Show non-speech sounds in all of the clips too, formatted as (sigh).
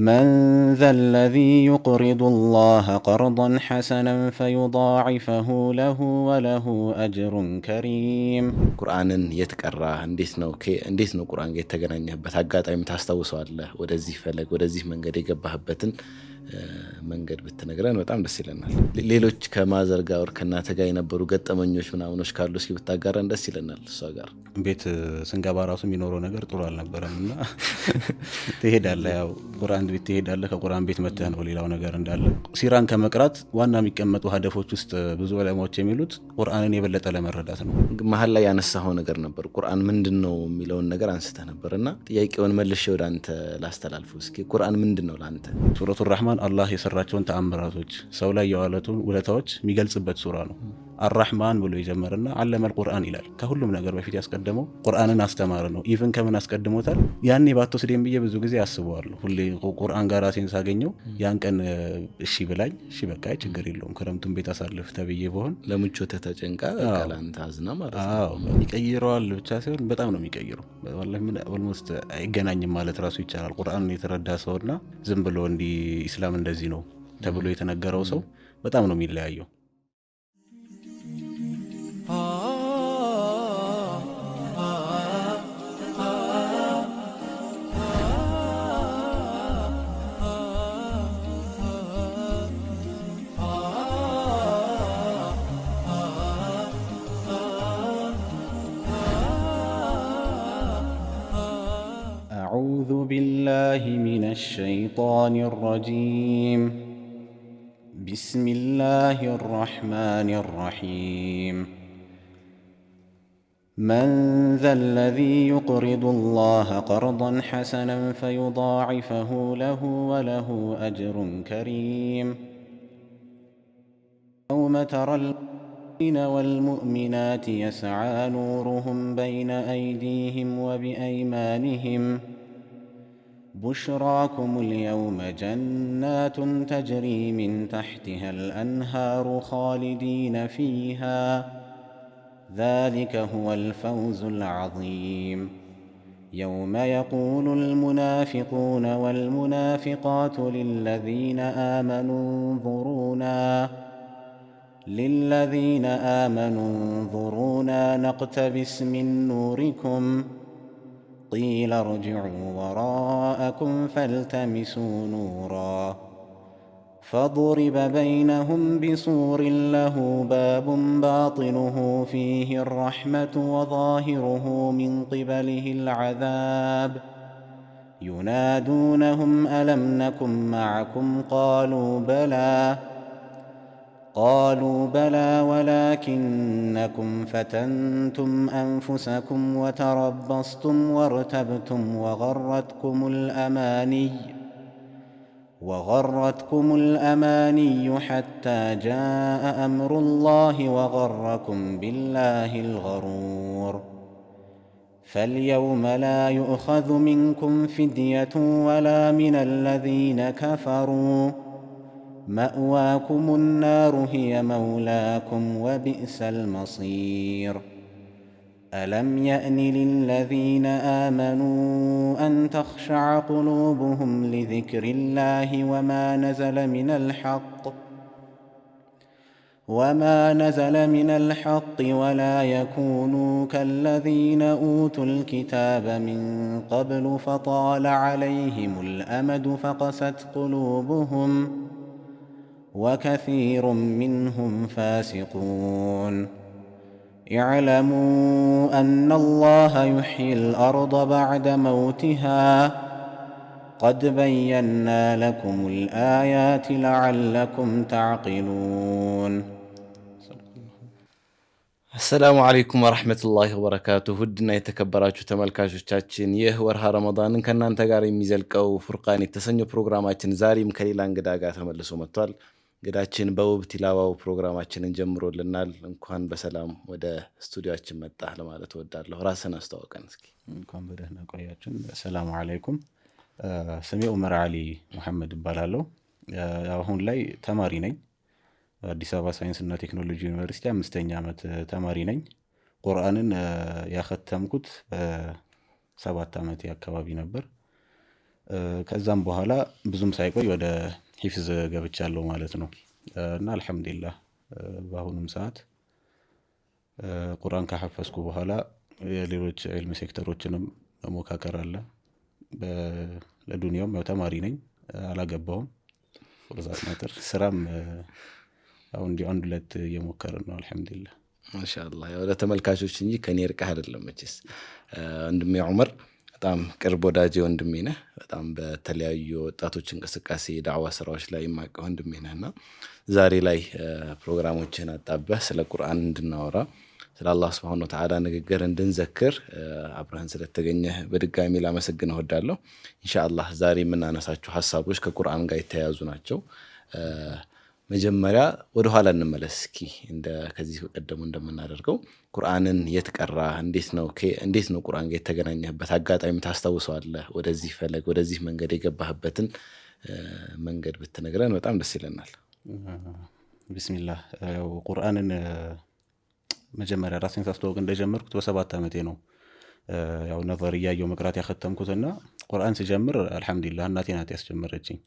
من ذا الذي يقرض الله قرضا حسنا فيضاعفه له وله أجر كريم قرآن يتكرر انديس نو كي انديس نو قرآن يتكرر انيه بتاقات اي متاستو ودزي فلق ودزي من قد መንገድ ብትነግረን በጣም ደስ ይለናል። ሌሎች ከማዘር ጋር ወር ከእናተ ጋር የነበሩ ገጠመኞች ምናምኖች ካሉ እስኪ ብታጋራን ደስ ይለናል። እሷ ጋር ቤት ስንገባ ራሱ የሚኖረው ነገር ጥሩ አልነበረም እና ትሄዳለህ፣ ያው ቁርአን ቤት ትሄዳለህ። ከቁርአን ቤት መተህ ነው ሌላው ነገር እንዳለ። ሲራን ከመቅራት ዋና የሚቀመጡ ሀደፎች ውስጥ ብዙ ዑለማዎች የሚሉት ቁርአንን የበለጠ ለመረዳት ነው። መሀል ላይ ያነሳኸው ነገር ነበር፣ ቁርአን ምንድን ነው የሚለውን ነገር አንስተህ ነበር እና ጥያቄውን መልሼ ወደ አንተ ላስተላልፈው እስኪ ቁርአን ምንድን ነው ለአንተ? ሱረቱ ራህማን አላህ የሰራቸውን ተአምራቶች ሰው ላይ የዋለቱን ውለታዎች የሚገልጽበት ሱራ ነው። አራህማን ብሎ የጀመረና አለመል ቁርአን ይላል። ከሁሉም ነገር በፊት ያስቀደመው ቁርአንን አስተማር ነው። ኢቭን ከምን አስቀድሞታል? ያኔ ባትወስደኝ ብዬ ብዙ ጊዜ አስበዋለሁ። ሁሌ ቁርአን ጋር ራሴን ሳገኘው ያን ቀን እሺ ብላኝ፣ እሺ በቃ ችግር የለውም ክረምቱን ቤት አሳልፍ ተብዬ በሆን ለምቾት ተጨንቃ ቃላንት አዝና ማለት ነው። ይቀይረዋል ብቻ ሳይሆን በጣም ነው የሚቀይረው። ኦልሞስት አይገናኝም ማለት ራሱ ይቻላል። ቁርአንን የተረዳ ሰውና ዝም ብሎ እንዲህ ኢስላም እንደዚህ ነው ተብሎ የተነገረው ሰው በጣም ነው የሚለያየው። بالله من الشيطان الرجيم بسم الله الرحمن الرحيم من ذا الذي يقرض الله قرضا حسنا فيضاعفه له وله أجر كريم يوم ترى المؤمنين والمؤمنات يسعى نورهم بين أيديهم وبأيمانهم ۖ بشراكم اليوم جنات تجري من تحتها الانهار خالدين فيها ذلك هو الفوز العظيم يوم يقول المنافقون والمنافقات للذين امنوا انظرونا للذين امنوا انظرونا نقتبس من نوركم قيل ارجعوا وراءكم فالتمسوا نورا فضرب بينهم بسور له باب باطنه فيه الرحمه وظاهره من قبله العذاب ينادونهم الم نكن معكم قالوا بلى قالوا بلى ولكنكم فتنتم انفسكم وتربصتم وارتبتم وغرتكم الاماني وغرتكم الاماني حتى جاء امر الله وغركم بالله الغرور فاليوم لا يؤخذ منكم فديه ولا من الذين كفروا ماواكم النار هي مولاكم وبئس المصير الم يان للذين امنوا ان تخشع قلوبهم لذكر الله وما نزل من الحق وما نزل من الحق ولا يكونوا كالذين اوتوا الكتاب من قبل فطال عليهم الامد فقست قلوبهم وكثير منهم فاسقون اعلموا ان الله يحيي الارض بعد موتها قد بينا لكم الايات لعلكم تعقلون السلام عليكم ورحمة الله وبركاته ውድና የተከበራችሁ ተመልካቾቻችን ይህ ወርሃ ረመዳንን ከእናንተ ጋር የሚዘልቀው ፉርቃን የተሰኘው ፕሮግራማችን ዛሬም ከሌላ እንግዳ ጋር ተመልሶ መጥቷል። እንግዳችን በውብ ቲላባው ፕሮግራማችንን ጀምሮልናል። እንኳን በሰላም ወደ ስቱዲዮችን መጣ ለማለት እወዳለሁ። ራስን አስተዋውቀን እስኪ። እንኳን በደህና ቆያችን። ሰላሙ አለይኩም። ስሜ ኡመር አሊ መሐመድ እባላለሁ። አሁን ላይ ተማሪ ነኝ። አዲስ አበባ ሳይንስና ቴክኖሎጂ ዩኒቨርሲቲ አምስተኛ ዓመት ተማሪ ነኝ። ቁርአንን ያከተምኩት በሰባት ዓመቴ አካባቢ ነበር። ከዛም በኋላ ብዙም ሳይቆይ ወደ ሂፍዝ ገብቻለሁ ማለት ነው እና አልሐምዱሊላህ በአሁኑም ሰዓት ቁርአን ካሐፈዝኩ በኋላ የሌሎች ዕልም ሴክተሮችንም መሞካከር አለ። ለዱንያውም ያው ተማሪ ነኝ፣ አላገባውም ቁርዛት ነጥር ስራም አሁን እንዲ አንድ ሁለት እየሞከርን ነው አልሐምዱሊላህ። ማሻአላህ ያው ለተመልካቾች እንጂ ከኔ ርቀህ አይደለም መቼስ ወንድሜ ዑመር በጣም ቅርብ ወዳጅ ወንድሜ ነህ። በጣም በተለያዩ ወጣቶች እንቅስቃሴ የዳዕዋ ስራዎች ላይ የማውቀው ወንድሜ ነህ እና ዛሬ ላይ ፕሮግራሞችን አጣበህ ስለ ቁርአን እንድናወራ ስለ አላህ ስብሐነ ወተዓላ ንግግር እንድንዘክር አብረህን ስለተገኘህ በድጋሚ ላመሰግን እወዳለሁ። ኢንሻአላህ ዛሬ የምናነሳቸው ሀሳቦች ከቁርአን ጋር የተያያዙ ናቸው። መጀመሪያ ወደኋላ እንመለስ እስኪ ከዚህ ቀደሙ እንደምናደርገው ቁርአንን የት ቀራ? እንዴት ነው እንዴት ነው ቁርአን ጋር የተገናኘህበት አጋጣሚ ታስታውሰዋለህ? ወደዚህ ፈለግ ወደዚህ መንገድ የገባህበትን መንገድ ብትነግረን በጣም ደስ ይለናል። ቢስሚላህ ቁርአንን መጀመሪያ ራሴን ሳስተወቅ እንደጀመርኩት በሰባት ዓመቴ ነው። ያው ነበር እያየው መቅራት ያከተምኩትና ቁርአን ሲጀምር አልሐምዱሊላህ እናቴ ናት ያስጀመረችኝ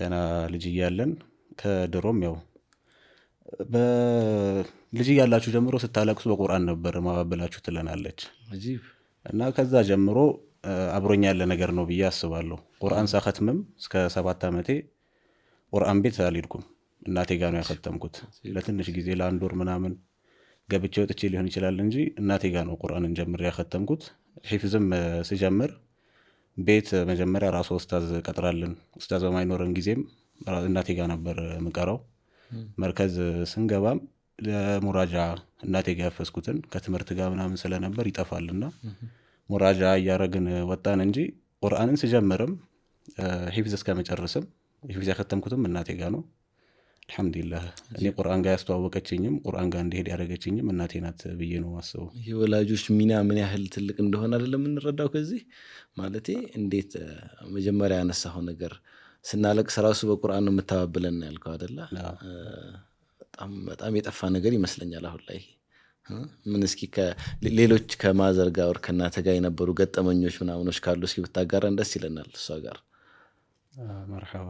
ገና ልጅ እያለን ከድሮም ያው ልጅ ያላችሁ ጀምሮ ስታለቅሱ በቁርአን ነበር ማባበላችሁ ትለናለች እና ከዛ ጀምሮ አብሮኛ ያለ ነገር ነው ብዬ አስባለሁ። ቁርአን ሳከትምም እስከ ሰባት ዓመቴ ቁርአን ቤት አልሄድኩም። እናቴ ጋ ነው ያከተምኩት። ለትንሽ ጊዜ ለአንድ ወር ምናምን ገብቼ ወጥቼ ሊሆን ይችላል እንጂ እናቴ ጋ ነው ቁርአንን ጀምሬ ያከተምኩት። ሒፍዝም ስጀምር ቤት መጀመሪያ ራሱ ኡስታዝ ቀጥራልን። ኡስታዝ በማይኖረን ጊዜም እናቴ ጋር ነበር የምቀረው። መርከዝ ስንገባም ለሙራጃ እናቴ ጋር ያፈስኩትን ከትምህርት ጋር ምናምን ስለነበር ይጠፋልና ሙራጃ እያረግን ወጣን እንጂ ቁርአንን ስጀምርም ሂፍዝ እስከመጨርስም ሂፍዝ ያከተምኩትም እናቴ ጋር ነው። አልሐምዱላህ እኔ ቁርአን ጋር ያስተዋወቀችኝም ቁርአን ጋር እንዲሄድ ያደረገችኝም እናቴ ናት ብዬ ነው ማስበው። የወላጆች ሚና ምን ያህል ትልቅ እንደሆነ አይደለም የምንረዳው ከዚህ ማለቴ እንዴት መጀመሪያ ያነሳው ነገር ስናለቅስ ራሱ በቁርአን ነው የምታባብለን ያልከው አደላ። በጣም የጠፋ ነገር ይመስለኛል አሁን ላይ ምን እስኪ ሌሎች ከማዘር ጋር ወር ጋር የነበሩ ገጠመኞች ምናምኖች ካሉ እስኪ ብታጋራን ደስ ይለናል። እሷ ጋር መርሐባ።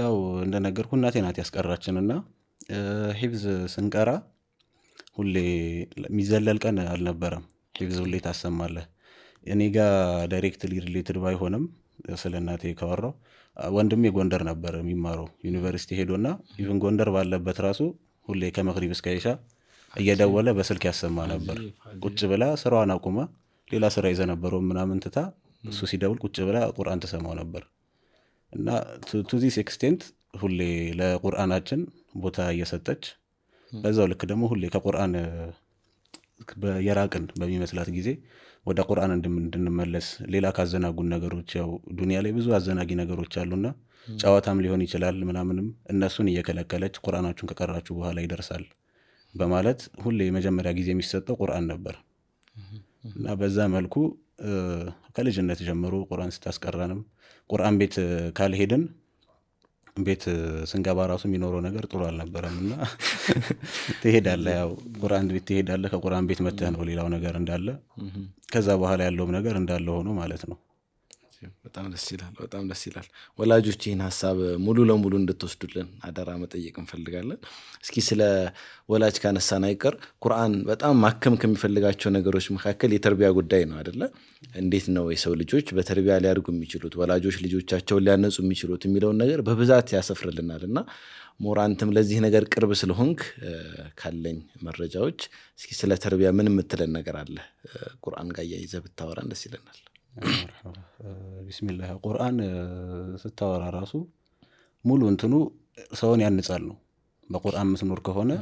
ያው እንደነገርኩ እናቴ ናት እና ሂብዝ ስንቀራ ሁሌ የሚዘለል ቀን አልነበረም። ሂብዝ ሁሌ ታሰማለህ። እኔ ጋር ዳይሬክትሊ ሪሌትድ ባይሆንም ስለ እናቴ ካወራው ወንድሜ ጎንደር ነበር የሚማረው ዩኒቨርሲቲ ሄዶና ኢቭን ጎንደር ባለበት ራሱ ሁሌ ከመክሪብ እስከ ኢሻ እየደወለ በስልክ ያሰማ ነበር። ቁጭ ብላ ስራዋን አቁማ ሌላ ስራ ይዘ ነበረው ምናምን ትታ እሱ ሲደውል ቁጭ ብላ ቁርአን ትሰማው ነበር። እና ቱ ዚስ ኤክስቴንት ሁሌ ለቁርአናችን ቦታ እየሰጠች በዛው ልክ ደግሞ ሁሌ ከቁርአን የራቅን በሚመስላት ጊዜ ወደ ቁርአን እንድንመለስ ሌላ ካዘናጉን ነገሮች ያው ዱንያ ላይ ብዙ አዘናጊ ነገሮች አሉና ጨዋታም ሊሆን ይችላል ምናምንም እነሱን እየከለከለች ቁርአናችሁን ከቀራችሁ በኋላ ይደርሳል በማለት ሁሌ የመጀመሪያ ጊዜ የሚሰጠው ቁርአን ነበር እና በዛ መልኩ ከልጅነት ጀምሮ ቁርአን ስታስቀራንም ቁርአን ቤት ካልሄድን ቤት ስንገባ ራሱ የሚኖረው ነገር ጥሩ አልነበረም እና (laughs) ትሄዳለ ያው ቁርአን ቤት ትሄዳለ ከቁርአን ቤት መተህ ነው ሌላው ነገር እንዳለ ከዛ በኋላ ያለውም ነገር እንዳለ ሆኖ ማለት ነው። በጣም ደስ ይላል። በጣም ደስ ይላል። ወላጆች ይህን ሀሳብ ሙሉ ለሙሉ እንድትወስዱልን አደራ መጠየቅ እንፈልጋለን። እስኪ ስለ ወላጅ ካነሳን አይቀር ቁርአን በጣም ማከም ከሚፈልጋቸው ነገሮች መካከል የተርቢያ ጉዳይ ነው አደለ? እንዴት ነው የሰው ልጆች በተርቢያ ሊያድጉ የሚችሉት፣ ወላጆች ልጆቻቸውን ሊያነጹ የሚችሉት የሚለውን ነገር በብዛት ያሰፍርልናል እና ሞራንትም ለዚህ ነገር ቅርብ ስለሆንክ ካለኝ መረጃዎች እስኪ ስለ ተርቢያ ምን የምትለን ነገር አለ? ቁርአን ጋር እያይዘህ ብታወራን ደስ ይለናል። ቢስሚላህ ቁርአን ስታወራ ራሱ ሙሉ እንትኑ ሰውን ያንጻል ነው። በቁርአን የምትኖር ከሆነ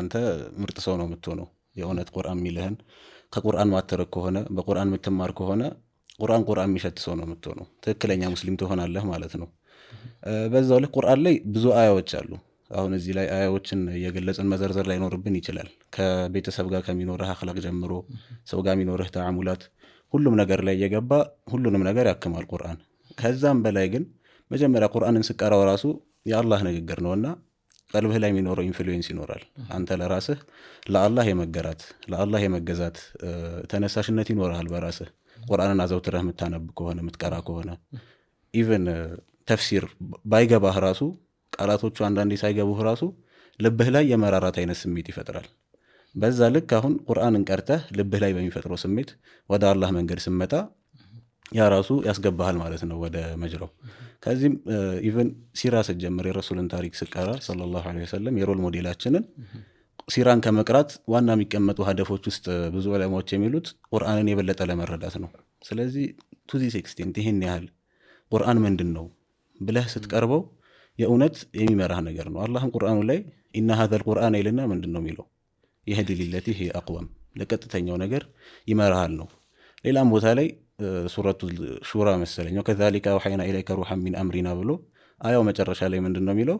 አንተ ምርጥ ሰው ነው የምትሆነው። የእውነት ቁርአን የሚልህን ከቁርአን ማተረግ ከሆነ በቁርአን የምትማር ከሆነ ቁርአን ቁርአን የሚሸት ሰው ነው የምትሆነው። ትክክለኛ ሙስሊም ትሆናለህ ማለት ነው። በዛው ላይ ቁርአን ላይ ብዙ አያዎች አሉ። አሁን እዚህ ላይ አያዎችን የገለጽን መዘርዘር ላይኖርብን ይችላል። ከቤተሰብ ጋር ከሚኖርህ አክላቅ ጀምሮ ሰው ጋር የሚኖርህ ተዓሙላት ሁሉም ነገር ላይ እየገባ ሁሉንም ነገር ያክማል ቁርአን። ከዛም በላይ ግን መጀመሪያ ቁርአንን ስቀራው ራሱ የአላህ ንግግር ነውና ቀልብህ ላይ የሚኖረው ኢንፍሉዌንስ ይኖራል። አንተ ለራስህ ለአላህ የመገራት ለአላህ የመገዛት ተነሳሽነት ይኖርሃል በራስህ ቁርአንን አዘውትረህ የምታነብ ከሆነ የምትቀራ ከሆነ ኢቨን ተፍሲር ባይገባህ ራሱ ቃላቶቹ አንዳንዴ ሳይገቡህ ራሱ ልብህ ላይ የመራራት አይነት ስሜት ይፈጥራል። በዛ ልክ አሁን ቁርአንን ቀርተህ ልብህ ላይ በሚፈጥረው ስሜት ወደ አላህ መንገድ ስመጣ ያ ራሱ ያስገባሃል ማለት ነው ወደ መጅራው። ከዚህም ኢቨን ሲራ ስጀምር የረሱልን ታሪክ ስቀራ ሰለላሁ ዐለይሂ ወሰለም የሮል ሞዴላችንን ሲራን ከመቅራት ዋና የሚቀመጡ ሀደፎች ውስጥ ብዙ ዕለማዎች የሚሉት ቁርአንን የበለጠ ለመረዳት ነው። ስለዚህ ቱዚስ ኤክስቴንት ይህን ያህል ቁርአን ምንድን ነው ብለህ ስትቀርበው የእውነት የሚመራህ ነገር ነው። አላህም ቁርአኑ ላይ ኢና ሀዘል ቁርአን ይልና ምንድን ነው የሚለው የህዲ ሊለት ይሄ አቅወም ለቀጥተኛው ነገር ይመራሃል ነው። ሌላም ቦታ ላይ ሱረቱ ሹራ መሰለኛው ከዛሊከ አውሐይና ኢለይከ ሩሐን ሚን አምሪና ብሎ አያው መጨረሻ ላይ ምንድን ነው የሚለው?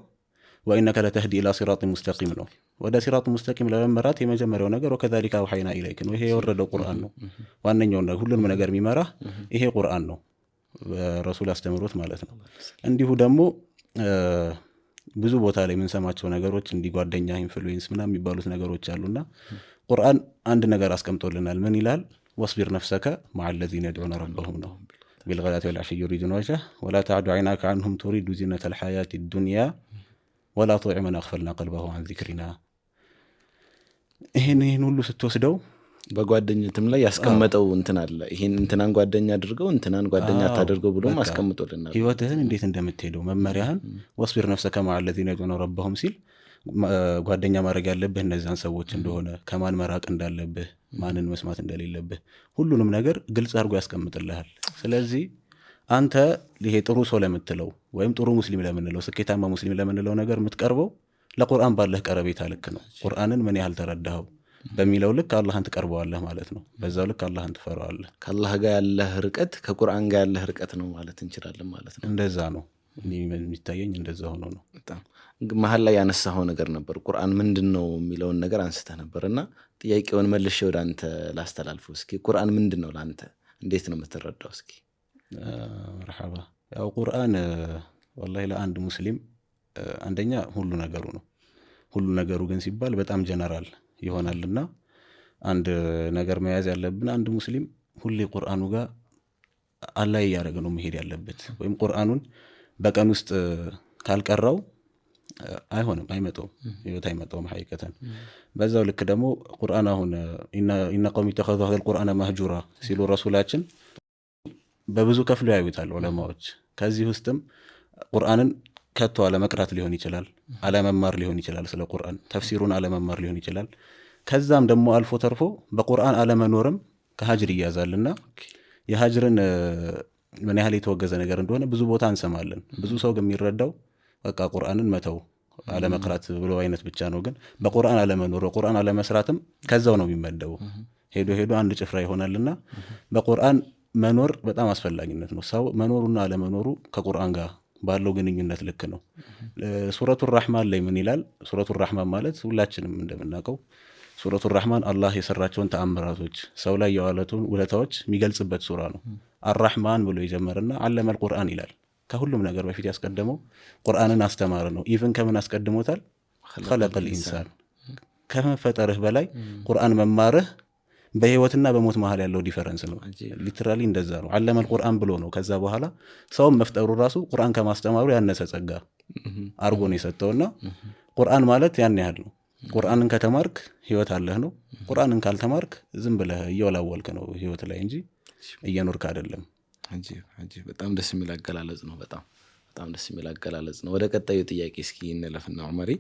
ወኢነከ ለተህዲ ኢላ ሲራጢን ሙስተቂም ነው። ወደ ሲራጥ ሙስተቂም ለመመራት የመጀመሪያው ነገር ወከዛሊከ አውሐይና ኢለይክ ነው። ይሄ የወረደው ቁርአን ነው። ዋነኛው ሁሉንም ነገር የሚመራ ይሄ ቁርአን ነው፣ በረሱል አስተምህሮት ማለት ነው። እንዲሁ ደግሞ ብዙ ቦታ ላይ የምንሰማቸው ነገሮች እንዲህ ጓደኛ ኢንፍሉዌንስ ምና የሚባሉት ነገሮች አሉና ቁርአን አንድ ነገር አስቀምጦልናል። ምን ይላል? ወስቢር ነፍሰከ ማለዚነ የድዑነ ረበሁም ነው ቢልገዳቲ ወላሽ ዩሪዱን ወጀ ወላ ተዕዱ ዓይናከ አንሁም ቱሪዱ ዚነት ልሓያት ዱንያ ወላ ቱጢዕ መን አግፈልና ቀልበሁ ዐን ዚክሪና። ይህን ይህን ሁሉ ስትወስደው በጓደኝትም ላይ ያስቀመጠው እንትን አለ። ይሄን እንትናን ጓደኛ አድርገው እንትናን ጓደኛ አታደርገው ብሎም አስቀምጦልና ህይወትህን እንዴት እንደምትሄደው መመሪያህን ወስቢር ነፍሰ ከማለት ይነጡነ ረባሁም ሲል ጓደኛ ማድረግ ያለብህ እነዚያን ሰዎች እንደሆነ ከማን መራቅ እንዳለብህ ማንን መስማት እንደሌለብህ ሁሉንም ነገር ግልጽ አድርጎ ያስቀምጥልሃል። ስለዚህ አንተ ይሄ ጥሩ ሰው ለምትለው ወይም ጥሩ ሙስሊም ለምንለው ስኬታማ ሙስሊም ለምንለው ነገር የምትቀርበው ለቁርአን ባለህ ቀረቤታ ልክ ነው። ቁርአንን ምን ያህል ተረዳኸው በሚለው ልክ አላህን ትቀርበዋለህ ማለት ነው። በዛው ልክ አላህን ትፈራዋለህ። ከአላህ ጋር ያለህ ርቀት ከቁርአን ጋር ያለህ ርቀት ነው ማለት እንችላለን ማለት ነው። እንደዛ ነው የሚታየኝ፣ እንደዛ ሆኖ ነው። በጣም መሀል ላይ ያነሳኸው ነገር ነበር፣ ቁርአን ምንድን ነው የሚለውን ነገር አንስተህ ነበር እና ጥያቄውን መልሼ ወደ አንተ ላስተላልፈው እስኪ። ቁርአን ምንድን ነው ለአንተ እንዴት ነው የምትረዳው? እስኪ መርሐባ። ያው ቁርአን ወላሂ ለአንድ ሙስሊም አንደኛ ሁሉ ነገሩ ነው። ሁሉ ነገሩ ግን ሲባል በጣም ጀነራል ይሆናልና አንድ ነገር መያዝ ያለብን አንድ ሙስሊም ሁሌ ቁርአኑ ጋር አላይ እያደረገ ነው መሄድ ያለበት። ወይም ቁርአኑን በቀን ውስጥ ካልቀራው አይሆንም፣ አይመጣውም፣ ህይወት አይመጣውም። ሀይቀተን በዛው ልክ ደግሞ ቁርአን አሁን ኢነ ቀውሚ ተኸዙ ሀዘል ቁርአነ መህጁራ ሲሉ ረሱላችን በብዙ ከፍሎ ያዩታል ዑለማዎች። ከዚህ ውስጥም ቁርአንን ከቶ አለመቅራት ሊሆን ይችላል፣ አለመማር ሊሆን ይችላል፣ ስለ ቁርአን ተፍሲሩን አለመማር ሊሆን ይችላል። ከዛም ደግሞ አልፎ ተርፎ በቁርአን አለመኖርም ከሀጅር ይያዛልና የሀጅርን ምን ያህል የተወገዘ ነገር እንደሆነ ብዙ ቦታ እንሰማለን። ብዙ ሰው የሚረዳው በቃ ቁርአንን መተው አለመቅራት ብሎ አይነት ብቻ ነው። ግን በቁርአን አለመኖር በቁርአን አለመስራትም ከዛው ነው የሚመደቡ ሄዶ ሄዶ አንድ ጭፍራ ይሆናልና በቁርአን መኖር በጣም አስፈላጊነት ነው። ሰው መኖሩና አለመኖሩ ከቁርአን ጋር ባለው ግንኙነት ልክ ነው። ሱረቱ ራህማን ላይ ምን ይላል? ሱረቱ ራህማን ማለት ሁላችንም እንደምናውቀው ሱረቱ ራህማን አላህ የሰራቸውን ተአምራቶች፣ ሰው ላይ የዋለቱን ውለታዎች የሚገልጽበት ሱራ ነው። አራህማን ብሎ የጀመረና አለመል ቁርአን ይላል። ከሁሉም ነገር በፊት ያስቀደመው ቁርአንን አስተማረ ነው። ኢቭን ከምን አስቀድሞታል? ኸለቀል ኢንሳን ከመፈጠርህ በላይ ቁርአን መማርህ በህይወትና በሞት መሀል ያለው ዲፈረንስ ነው። ሊትራሊ እንደዛ ነው። አለመል ቁርአን ብሎ ነው። ከዛ በኋላ ሰውም መፍጠሩ ራሱ ቁርአን ከማስተማሩ ያነሰ ጸጋ አርጎ ነው የሰጠውና ቁርአን ማለት ያን ያህል ነው። ቁርአንን ከተማርክ ህይወት አለህ ነው። ቁርአንን ካልተማርክ ዝም ብለህ እየወላወልክ ነው ህይወት ላይ እንጂ እየኖርክ አይደለም። በጣም ደስ የሚል አገላለጽ ነው። በጣም በጣም ደስ የሚል አገላለጽ ነው። ወደ ቀጣዩ ጥያቄ እስኪ እንለፍና ዑመሪ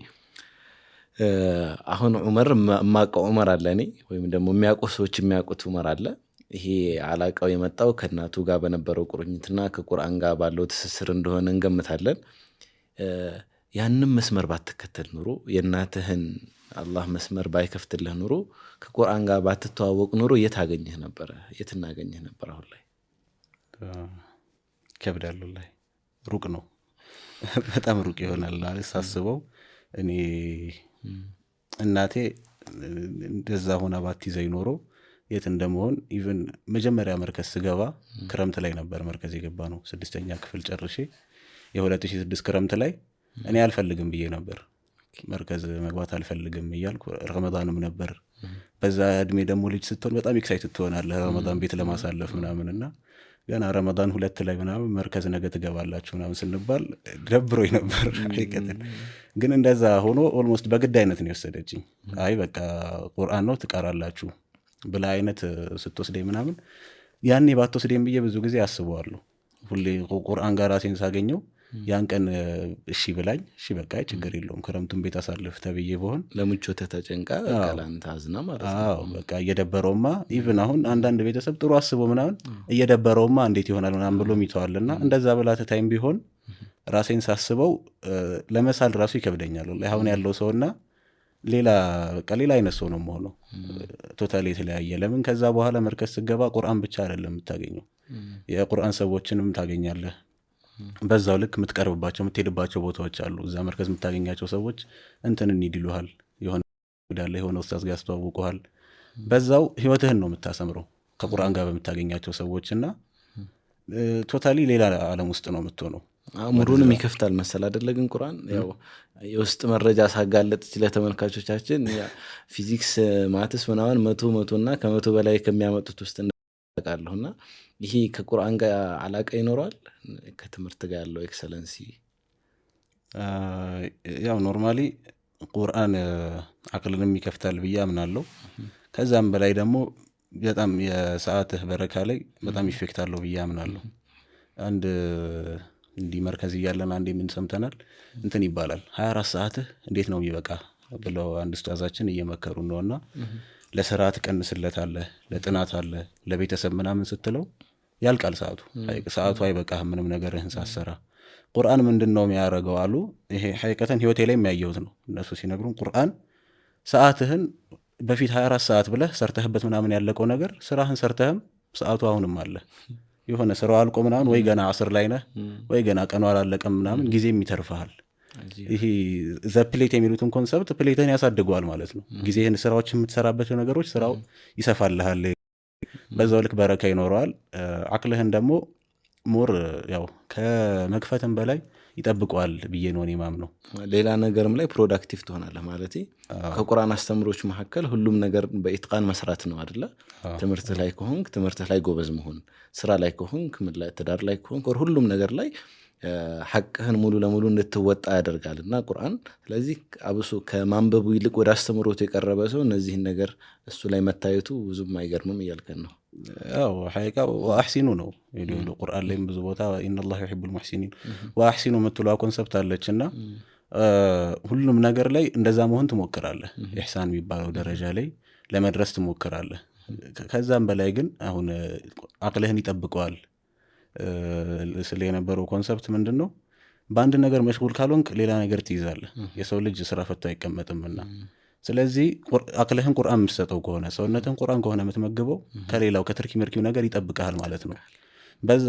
አሁን ዑመር የማውቀው ዑመር አለ እኔ ወይም ደግሞ የሚያውቁ ሰዎች የሚያውቁት ዑመር አለ። ይሄ አላቃው የመጣው ከእናቱ ጋር በነበረው ቁርኝትና ከቁርአን ጋር ባለው ትስስር እንደሆነ እንገምታለን። ያንም መስመር ባትከተል ኑሮ የእናትህን አላህ መስመር ባይከፍትልህ ኑሮ ከቁርአን ጋር ባትተዋወቅ ኑሮ የት አገኘህ ነበረ? የት እናገኘህ ነበር? አሁን ላይ ይከብዳል። ላይ ሩቅ ነው፣ (laughs) በጣም ሩቅ ይሆናል ሳስበው እኔ እናቴ እንደዛ ባት ባትይዘኝ ኖሮ የት እንደመሆን ኢቨን መጀመሪያ መርከዝ ስገባ ክረምት ላይ ነበር መርከዝ የገባ ነው። ስድስተኛ ክፍል ጨርሼ የ2006 ክረምት ላይ እኔ አልፈልግም ብዬ ነበር መርከዝ መግባት አልፈልግም እያልኩ ረመዳንም ነበር። በዛ እድሜ ደግሞ ልጅ ስትሆን በጣም ኤክሳይትድ ትሆናለ ረመዳን ቤት ለማሳለፍ ምናምን እና ገና ረመዳን ሁለት ላይ ምናምን መርከዝ ነገ ትገባላችሁ ምናምን ስንባል ደብሮኝ ነበር። ግን እንደዛ ሆኖ ኦልሞስት በግድ አይነት ነው የወሰደችኝ። አይ በቃ ቁርአን ነው ትቀራላችሁ ብላ አይነት ስትወስደኝ ምናምን ያኔ ባትወስደኝ ብዬ ብዙ ጊዜ አስበዋሉ ሁሌ ቁርአን ጋር ራሴን ሳገኘው ያን ቀን እሺ ብላኝ እሺ በቃ ችግር የለውም ክረምቱን ቤት አሳልፍ ተብዬ በሆን ለምቾ ተጨንቃ ማለት በቃ እየደበረውማ ኢቭን አሁን አንዳንድ ቤተሰብ ጥሩ አስቦ ምናምን እየደበረውማ እንዴት ይሆናል ምናምን ብሎ ይተዋልና እንደዛ ብላ ትታይም ቢሆን ራሴን ሳስበው ለመሳል ራሱ ይከብደኛል። አሁን ያለው ሰውና ሌላ በቃ ሌላ አይነት ሰው ነው መሆነው ቶታል የተለያየ። ለምን ከዛ በኋላ መርከዝ ስገባ ቁርአን ብቻ አይደለም የምታገኘው፣ የቁርአን ሰዎችንም ታገኛለህ። በዛው ልክ የምትቀርብባቸው የምትሄድባቸው ቦታዎች አሉ። እዛ መርከዝ የምታገኛቸው ሰዎች እንትን እንሂድ ይሉሃል፣ የሆነ ዳለ የሆነ ውስታዝ ጋር ያስተዋውቁሃል። በዛው ህይወትህን ነው የምታሰምረው ከቁርአን ጋር በምታገኛቸው ሰዎች እና ቶታሊ ሌላ አለም ውስጥ ነው የምትሆነው። አእምሮንም ይከፍታል መሰል አደለ? ግን ቁርአን ያው የውስጥ መረጃ ሳጋለጥ ለተመልካቾቻችን ፊዚክስ፣ ማትስ ምናምን መቶ መቶ እና ከመቶ በላይ ከሚያመጡት ውስጥ እንዳቃለሁ እና ይሄ ከቁርአን ጋር አላቃ ይኖረዋል ከትምህርት ጋር ያለው ኤክሰለንሲ ያው ኖርማሊ ቁርአን አቅልንም ይከፍታል ብዬ አምናለሁ። ከዛም በላይ ደግሞ በጣም የሰዓትህ በረካ ላይ በጣም ይፌክት አለው ብዬ አምናለሁ አንድ እንዲህ መርከዝ እያለን አንድ የምን ሰምተናል እንትን ይባላል ሀያ አራት ሰዓትህ እንዴት ነው የሚበቃ ብለው አንድ ስታዛችን እየመከሩ ነው እና ለስራ ትቀንስለት አለ ለጥናት አለ ለቤተሰብ ምናምን ስትለው ያልቃል ሰዓቱ ሰዓቱ አይበቃህም ምንም ነገርህን ሳሰራ ቁርአን ምንድን ነው የሚያደርገው አሉ ይሄ ሐቂቀተን ህይወቴ ላይ የሚያየሁት ነው እነሱ ሲነግሩን ቁርአን ሰዓትህን በፊት 24 ሰዓት ብለህ ሰርተህበት ምናምን ያለቀው ነገር ስራህን ሰርተህም ሰዓቱ አሁንም አለ የሆነ ስራው አልቆ ምናምን ወይ ገና አስር ላይ ነህ ወይ ገና ቀኑ አላለቀም ምናምን ጊዜም ይተርፍሃል። ይሄ ዘ ፕሌት የሚሉትን ኮንሰብት ፕሌትን ያሳድገዋል ማለት ነው። ጊዜህን ስራዎች የምትሰራበት ነገሮች ስራው ይሰፋልሃል፣ በዛው ልክ በረካ ይኖረዋል። አቅልህን ደግሞ ሞር ያው ከመክፈትም በላይ ይጠብቀዋል ብዬ ነው ማም ነው። ሌላ ነገርም ላይ ፕሮዳክቲቭ ትሆናለህ ማለት ከቁርአን አስተምሮች መካከል ሁሉም ነገር በኢትቃን መስራት ነው አደለ? ትምህርትህ ላይ ከሆንክ ትምህርትህ ላይ ጎበዝ መሆን፣ ስራ ላይ ከሆንክ፣ ትዳር ላይ ከሆንክ፣ ሁሉም ነገር ላይ ሐቅህን ሙሉ ለሙሉ እንድትወጣ ያደርጋል እና ቁርአን። ስለዚህ አብሶ ከማንበቡ ይልቅ ወደ አስተምሮት የቀረበ ሰው እነዚህን ነገር እሱ ላይ መታየቱ ብዙም አይገርምም እያልከን ነው። ያው ሐቂቃ ነው ቁርአን ላይም ብዙ ቦታ ኢነላህ ዩሒቡል ሙሕሲኒን ወአሕሲኑ የምትለዋ ኮንሰፕት አለች እና ሁሉም ነገር ላይ እንደዛ መሆን ትሞክራለህ። ኢሕሳን የሚባለው ደረጃ ላይ ለመድረስ ትሞክራለህ። ከዛም በላይ ግን አሁን አቅልህን ይጠብቀዋል ስል የነበረው ኮንሰፕት ምንድን ነው? በአንድ ነገር መሽጉል ካልሆንክ ሌላ ነገር ትይዛለህ። የሰው ልጅ ስራ ፈቶ አይቀመጥምና፣ ስለዚህ አክልህን ቁርአን የምትሰጠው ከሆነ ሰውነትህን ቁርአን ከሆነ የምትመግበው ከሌላው ከትርኪ ምርኪው ነገር ይጠብቀሃል ማለት ነው።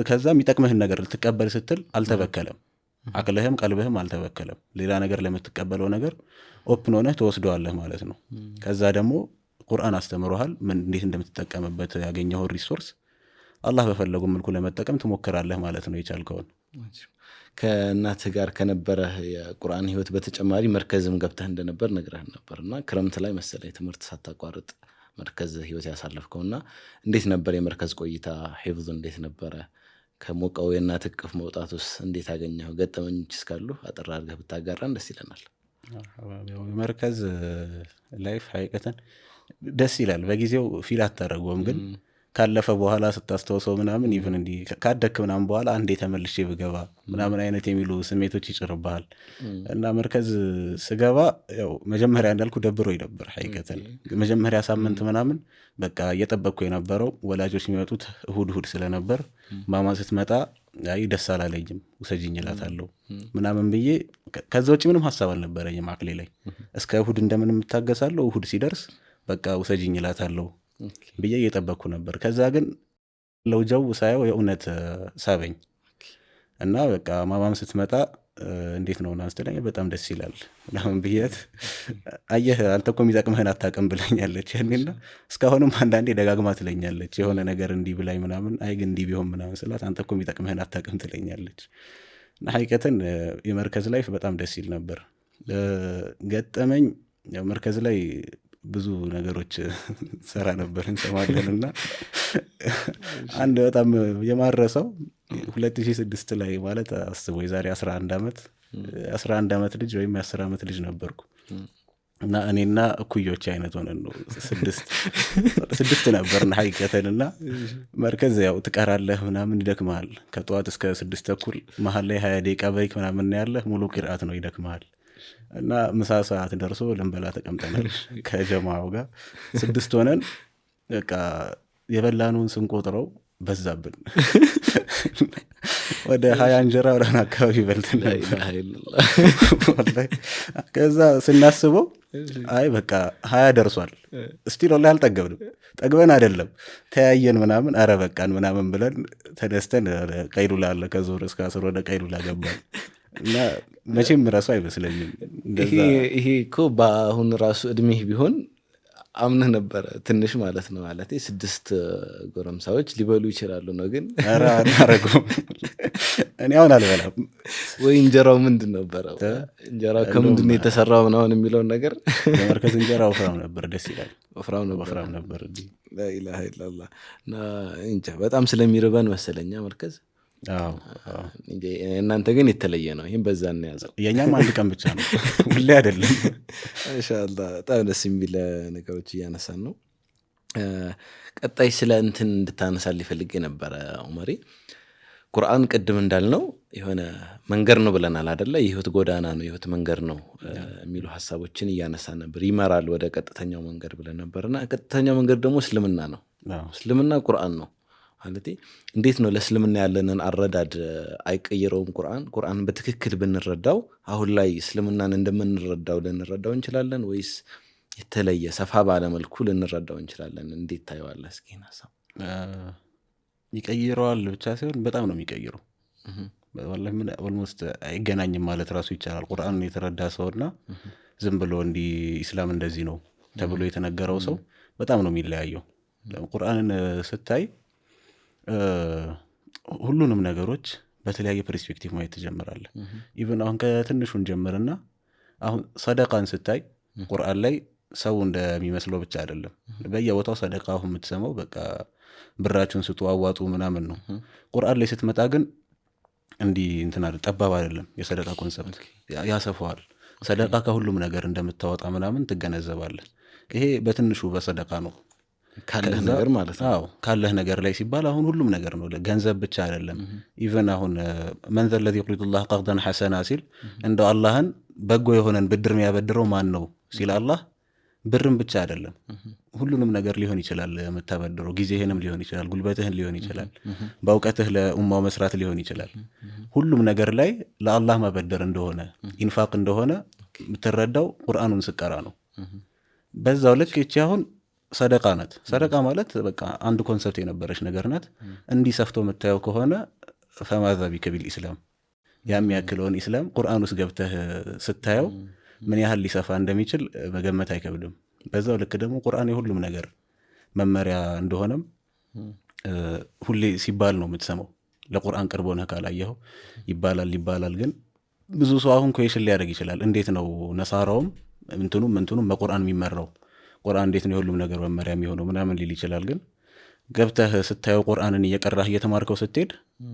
ከዛም ይጠቅምህን ነገር ልትቀበል ስትል አልተበከለም አክለህም ቀልብህም አልተበከለም። ሌላ ነገር ለምትቀበለው ነገር ኦፕን ሆነህ ትወስደዋለህ ማለት ነው። ከዛ ደግሞ ቁርአን አስተምሮሃል፣ እንዴት እንደምትጠቀምበት ያገኘኸውን ሪሶርስ አላህ በፈለጉ መልኩ ለመጠቀም ትሞክራለህ ማለት ነው የቻልከውን። ከእናትህ ጋር ከነበረ የቁርአን ህይወት በተጨማሪ መርከዝም ገብተህ እንደነበር ነግረህ ነበር እና ክረምት ላይ መሰለኝ ትምህርት ሳታቋርጥ መርከዝ ህይወት ያሳለፍከው እና እንዴት ነበር የመርከዝ ቆይታ? ሂፍዙ እንዴት ነበረ? ከሞቀው የእናት እቅፍ መውጣት ውስጥ እንዴት አገኘው? ገጠመኞች እስካሉ አጠራ አድርገህ ብታጋራን ደስ ይለናል። የመርከዝ ላይፍ ሀቂቀተን ደስ ይላል። በጊዜው ፊል አታደርገውም ግን ካለፈ በኋላ ስታስታውሰው ምናምን ኢቨን እንዲህ ካደክ ምናምን በኋላ አንዴ ተመልሼ ብገባ ምናምን አይነት የሚሉ ስሜቶች ይጭርብሃል እና መርከዝ ስገባ ያው መጀመሪያ እንዳልኩ ደብሮኝ ነበር። ሀይቀትን መጀመሪያ ሳምንት ምናምን በቃ እየጠበቅኩ የነበረው ወላጆች የሚመጡት እሁድ እሁድ ስለነበር ማማ ስትመጣ አይ ደስ አላለኝም ውሰጅኝ እላታለሁ ምናምን ብዬ ከዛ ውጭ ምንም ሀሳብ አልነበረኝም አክሌ ላይ እስከ እሁድ እንደምን የምታገሳለሁ እሁድ ሲደርስ በቃ ውሰጅኝ እላታለሁ ብዬ እየጠበቅኩ ነበር። ከዛ ግን ለው ጀው ሳየው የእውነት ሳበኝ እና በቃ ማማም ስትመጣ እንዴት ነው ምናምን ስትለኝ በጣም ደስ ይላል ምናምን ብያት፣ አየህ አንተ እኮ የሚጠቅምህን አታውቅም ብለኛለች። ያኔና እስካሁንም አንዳንዴ ደጋግማ ትለኛለች። የሆነ ነገር እንዲህ ብላኝ ምናምን፣ አይ ግን እንዲህ ቢሆን ምናምን ስላት አንተ እኮ የሚጠቅምህን አታውቅም ትለኛለች። እና ሀቂቀትን የመርከዝ ላይፍ በጣም ደስ ይል ነበር። ገጠመኝ መርከዝ ላይ ብዙ ነገሮች (laughs) ሰራ ነበር እንሰማለን እና አንድ በጣም የማረሰው ሁለት ሺህ ስድስት ላይ ማለት አስቦ የዛሬ አስራ አንድ ዓመት አስራ አንድ ዓመት ልጅ ወይም የአስር ዓመት ልጅ ነበርኩ እና እኔና እኩዮች አይነት ሆነን ነው ስድስት (laughs) ነበርን ሀይቀተን እና መርከዝ ያው ትቀራለህ ምናምን ይደክመሃል ከጠዋት እስከ ስድስት ተኩል መሀል ላይ ሀያ ደቂቃ በሪክ ምናምን ያለህ ሙሉ ቅርአት ነው ይደክመሃል እና ምሳ ሰዓት ደርሶ ልንበላ ተቀምጠናል ከጀማው ጋር ስድስት ሆነን በቃ የበላነውን ስንቆጥረው በዛብን (laughs) ወደ ሀያ እንጀራ ወደን አካባቢ በልትን ከዛ ስናስበው አይ በቃ ሀያ ደርሷል እስቲ ላይ አልጠገብንም ጠግበን አይደለም ተያየን ምናምን አረ በቃን ምናምን ብለን ተነስተን ቀይሉላ አለ ከዞር እስከ አስር ወደ ቀይሉላ ገባል እና መቼም ራሱ አይመስለኝም። ይሄ እኮ በአሁን ራሱ እድሜህ ቢሆን አምነህ ነበረ ትንሽ ማለት ነው። ማለት ስድስት ጎረምሳዎች ሊበሉ ይችላሉ ነው። ግን ረጉ እኔ አሁን አልበላም ወይ እንጀራው ምንድን ነበረ? እንጀራ ከምንድን ነው የተሰራው ምናምን የሚለውን ነገር ለመርከዝ እንጀራ ወፍራም ነበር፣ ደስ ይላል። ወፍራም ነበር። ላኢላሃ ኢለላህ። እና በጣም ስለሚርበን መሰለኛ መርከዝ እናንተ ግን የተለየ ነው። ይህም በዛ እናያዘው። የእኛም አንድ ቀን ብቻ ነው፣ (laughs) ሁሌ አይደለም። እንሻላ በጣም ደስ የሚል ነገሮች እያነሳን ነው። ቀጣይ ስለ እንትን እንድታነሳ ሊፈልግ የነበረ ኡመሪ፣ ቁርአን ቅድም እንዳልነው የሆነ መንገድ ነው ብለናል አደለ? የህይወት ጎዳና ነው፣ የህይወት መንገድ ነው የሚሉ ሀሳቦችን እያነሳ ነበር። ይመራል ወደ ቀጥተኛው መንገድ ብለን ነበርና ቀጥተኛው መንገድ ደግሞ እስልምና ነው። እስልምና ቁርአን ነው ማለት እንዴት ነው ለእስልምና ያለንን አረዳድ አይቀይረውም። ቁርአን ቁርአን በትክክል ብንረዳው አሁን ላይ እስልምናን እንደምንረዳው ልንረዳው እንችላለን ወይስ የተለየ ሰፋ ባለመልኩ ልንረዳው እንችላለን? እንዴት ታየዋለ? እስኪ ሀሳብ ይቀይረዋል ብቻ ሳይሆን በጣም ነው የሚቀይረው። ምን ኦልሞስት አይገናኝም ማለት ራሱ ይቻላል። ቁርአን የተረዳ ሰውና ዝም ብሎ እንዲህ ኢስላም እንደዚህ ነው ተብሎ የተነገረው ሰው በጣም ነው የሚለያየው። ቁርአንን ስታይ ሁሉንም ነገሮች በተለያየ ፐርስፔክቲቭ ማየት ትጀምራለ ኢቨን አሁን ከትንሹን ጀምርና አሁን ሰደቃን ስታይ ቁርአን ላይ ሰው እንደሚመስለው ብቻ አይደለም። በየቦታው ሰደቃ አሁን የምትሰማው በቃ ብራችሁን ስጡ አዋጡ ምናምን ነው። ቁርአን ላይ ስትመጣ ግን እንዲህ እንትን ጠባብ አይደለም። የሰደቃ ኮንሰፕት ያሰፈዋል። ሰደቃ ከሁሉም ነገር እንደምታወጣ ምናምን ትገነዘባለህ። ይሄ በትንሹ በሰደቃ ነው። ካለህ ነገር ማለት ነው። ካለህ ነገር ላይ ሲባል አሁን ሁሉም ነገር ነው። ገንዘብ ብቻ አይደለም። ኢቨን አሁን መንዘ ለዚ ዩቅሪዱላህ ቀርደን ሐሰና ሲል እንደው አላህን በጎ የሆነን ብድር የሚያበድረው ማን ነው ሲል አላህ ብርም ብቻ አይደለም፣ ሁሉንም ነገር ሊሆን ይችላል የምታበድረው። ጊዜህንም ሊሆን ይችላል፣ ጉልበትህን ሊሆን ይችላል፣ በእውቀትህ ለኡማው መስራት ሊሆን ይችላል። ሁሉም ነገር ላይ ለአላህ መበደር እንደሆነ ኢንፋቅ እንደሆነ የምትረዳው ቁርአኑን ስቀራ ነው። በዛው ልክ ይቺ አሁን ሰደቃ ናት። ሰደቃ ማለት በቃ አንድ ኮንሰፕት የነበረች ነገር ናት። እንዲህ ሰፍቶ የምታየው ከሆነ ፈማዛ ቢከቢል ኢስላም የሚያክለውን ኢስላም ቁርአን ውስጥ ገብተህ ስታየው ምን ያህል ሊሰፋ እንደሚችል መገመት አይከብድም። በዛው ልክ ደግሞ ቁርአን የሁሉም ነገር መመሪያ እንደሆነም ሁሌ ሲባል ነው የምትሰማው። ለቁርአን ቅርቦ ነህ ካላየኸው ይባላል ይባላል። ግን ብዙ ሰው አሁን ኮሽን ሊያደርግ ይችላል። እንዴት ነው ነሳራውም እንትኑም እንትኑም በቁርአን የሚመራው ቁርአን እንዴት ነው የሁሉም ነገር መመሪያ የሚሆነው ምናምን ሊል ይችላል። ግን ገብተህ ስታየው ቁርአንን እየቀራህ እየተማርከው ስትሄድ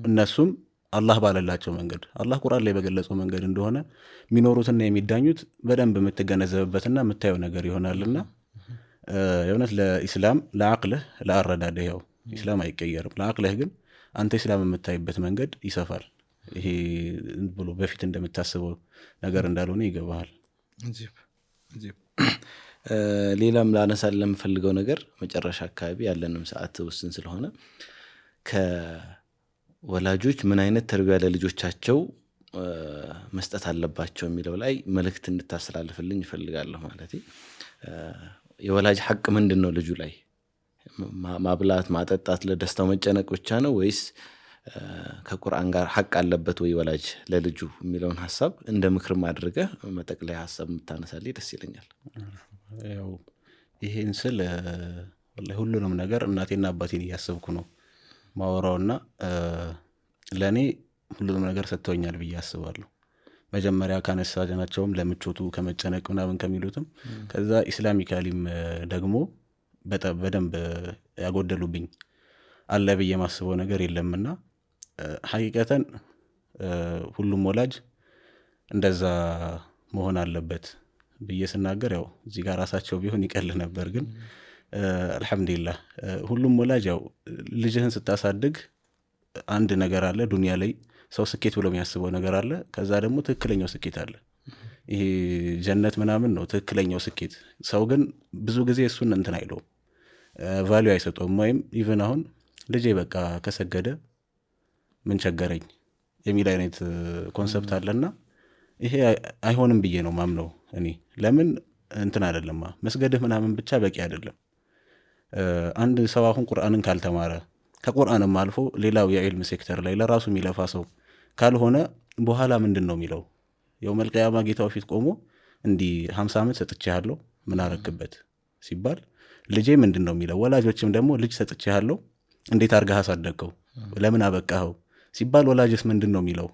እነሱም አላህ ባለላቸው መንገድ አላህ ቁርአን ላይ በገለጸው መንገድ እንደሆነ የሚኖሩትና የሚዳኙት በደንብ የምትገነዘብበትና የምታየው ነገር ይሆናልና የእውነት ለኢስላም ለአቅልህ ለአረዳድህ ያው ኢስላም አይቀየርም። ለአቅልህ ግን አንተ ኢስላም የምታይበት መንገድ ይሰፋል። ይሄ ብሎ በፊት እንደምታስበው ነገር እንዳልሆነ ይገባሃል። ሌላም ላነሳ ለምፈልገው ነገር መጨረሻ አካባቢ ያለንም ሰዓት ውስን ስለሆነ ከወላጆች ምን አይነት ተርቢያ ለልጆቻቸው መስጠት አለባቸው የሚለው ላይ መልእክት እንድታስተላልፍልኝ ይፈልጋለሁ። ማለት የወላጅ ሀቅ ምንድን ነው? ልጁ ላይ ማብላት፣ ማጠጣት ለደስታው መጨነቅ ብቻ ነው ወይስ ከቁርአን ጋር ሀቅ አለበት ወይ ወላጅ ለልጁ የሚለውን ሀሳብ እንደ ምክርም አድርገህ መጠቅለያ ሀሳብ የምታነሳልኝ ደስ ይለኛል። ያው ይሄን ስል ሁሉንም ነገር እናቴና አባቴን እያሰብኩ ነው ማወራውና ለእኔ ሁሉንም ነገር ሰጥተውኛል ብዬ አስባለሁ። መጀመሪያ ናቸውም ለምቾቱ ከመጨነቅ ምናምን ከሚሉትም ከዛ ኢስላሚካሊም ደግሞ በደንብ ያጎደሉብኝ አለ ብዬ የማስበው ነገር የለምና ሀቂቀተን ሁሉም ወላጅ እንደዛ መሆን አለበት። ብዬ ስናገር ያው እዚህ ጋር ራሳቸው ቢሆን ይቀል ነበር። ግን አልሐምዱሊላህ ሁሉም ወላጅ ያው ልጅህን ስታሳድግ አንድ ነገር አለ ዱንያ ላይ ሰው ስኬት ብሎ የሚያስበው ነገር አለ። ከዛ ደግሞ ትክክለኛው ስኬት አለ። ይሄ ጀነት ምናምን ነው ትክክለኛው ስኬት። ሰው ግን ብዙ ጊዜ እሱን እንትን አይለውም፣ ቫሊዩ አይሰጠውም። ወይም ኢቨን አሁን ልጄ በቃ ከሰገደ ምን ቸገረኝ የሚል አይነት ኮንሰፕት አለና ይሄ አይሆንም ብዬ ነው ማምነው እኔ። ለምን እንትን አይደለም መስገድህ ምናምን ብቻ በቂ አይደለም። አንድ ሰው አሁን ቁርአንን ካልተማረ ከቁርአንም አልፎ ሌላው የዕልም ሴክተር ላይ ለራሱ የሚለፋ ሰው ካልሆነ በኋላ ምንድን ነው የሚለው? ው መልቀያማ ጌታው ፊት ቆሞ እንዲህ ሀምሳ ዓመት ያለው ምን አረክበት ሲባል ልጄ ምንድን ነው የሚለው? ወላጆችም ደግሞ ልጅ ያለው? እንዴት አርገህ አሳደግከው? ለምን አበቃኸው ሲባል ወላጅስ ምንድን ነው የሚለው?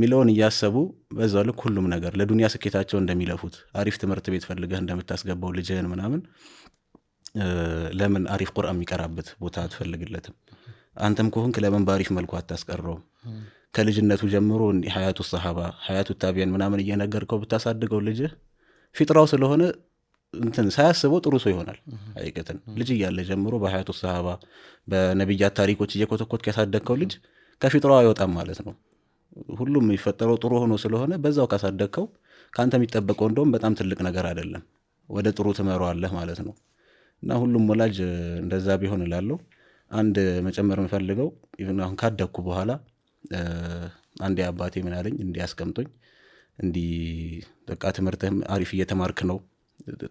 ሚለውን እያሰቡ በዛው ልክ ሁሉም ነገር ለዱንያ ስኬታቸው እንደሚለፉት አሪፍ ትምህርት ቤት ፈልገህ እንደምታስገባው ልጅህን ምናምን ለምን አሪፍ ቁርአን የሚቀራበት ቦታ አትፈልግለትም? አንተም ከሆንክ ለምን በአሪፍ መልኩ አታስቀረውም? ከልጅነቱ ጀምሮ ሀያቱ ሰሃባ ሀያቱ ታቢያን ምናምን እየነገርከው ብታሳድገው ልጅህ ፊጥራው ስለሆነ እንትን ሳያስበው ጥሩ ሰው ይሆናል። አይቅትን ልጅ እያለ ጀምሮ በሀያቱ ሰሃባ በነቢያት ታሪኮች እየኮተኮት ያሳደግከው ልጅ ከፊጥራው አይወጣም ማለት ነው። ሁሉም የሚፈጠረው ጥሩ ሆኖ ስለሆነ በዛው ካሳደግከው ከአንተ የሚጠበቀው እንደውም በጣም ትልቅ ነገር አይደለም፣ ወደ ጥሩ ትመረዋለህ ማለት ነው። እና ሁሉም ወላጅ እንደዛ ቢሆን እላለሁ። አንድ መጨመር የምፈልገው ኢቭን አሁን ካደግኩ በኋላ አንዴ አባቴ ምን አለኝ፣ እንዲህ አስቀምጦኝ እንዲህ በቃ ትምህርትህም አሪፍ እየተማርክ ነው፣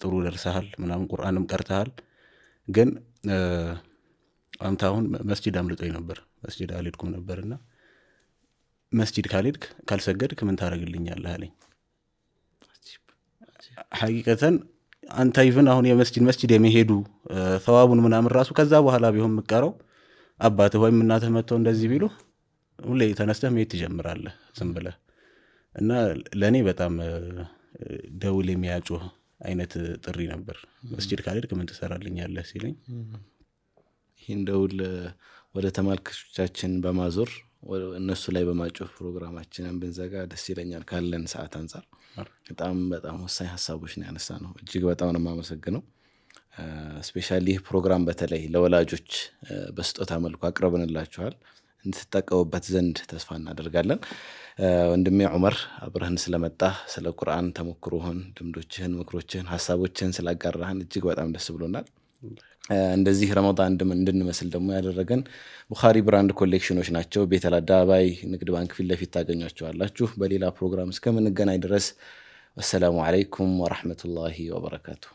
ጥሩ ደርሰሃል፣ ምናምን ቁርአንም ቀርተሃል፣ ግን አምታ አሁን መስጂድ አምልጦኝ ነበር መስጂድ አልሄድኩም ነበርና መስጂድ ካልሄድክ ካልሰገድክ ምን ታደርግልኛለህ አለኝ። ሐቂቀተን አንተ ይፍን አሁን የመስጂድ መስጂድ የመሄዱ ሰዋቡን ምናምን ራሱ ከዛ በኋላ ቢሆን የምቀረው አባትህ ወይም እናትህ መጥተው እንደዚህ ቢሉ ሁሌ ተነስተህ መሄድ ትጀምራለህ ዝም ብለህ እና ለእኔ በጣም ደውል የሚያጮህ አይነት ጥሪ ነበር። መስጂድ ካልሄድክ ምን ትሰራልኛለህ ሲለኝ ይህን ደውል ወደ ተመልካቾቻችን በማዞር እነሱ ላይ በማጮፍ ፕሮግራማችንን ብንዘጋ ደስ ይለኛል። ካለን ሰዓት አንጻር በጣም በጣም ወሳኝ ሀሳቦች ነው ያነሳ ነው። እጅግ በጣም ነው የማመሰግነው። ስፔሻሊ ይህ ፕሮግራም በተለይ ለወላጆች በስጦታ መልኩ አቅርበንላችኋል እንድትጠቀሙበት ዘንድ ተስፋ እናደርጋለን። ወንድሜ ዑመር አብረህን ስለመጣ ስለ ቁርአን ተሞክሮህን፣ ልምዶችህን፣ ምክሮችህን፣ ሀሳቦችህን ስላጋራህን እጅግ በጣም ደስ ብሎናል። እንደዚህ ረመዳን እንድንመስል ደግሞ ያደረገን ቡኻሪ ብራንድ ኮሌክሽኖች ናቸው። ቤተል አደባባይ ንግድ ባንክ ፊት ለፊት ታገኟቸዋላችሁ። በሌላ ፕሮግራም እስከምንገናኝ ድረስ አሰላሙ አለይኩም ወረሕመቱላሂ ወበረካቱ።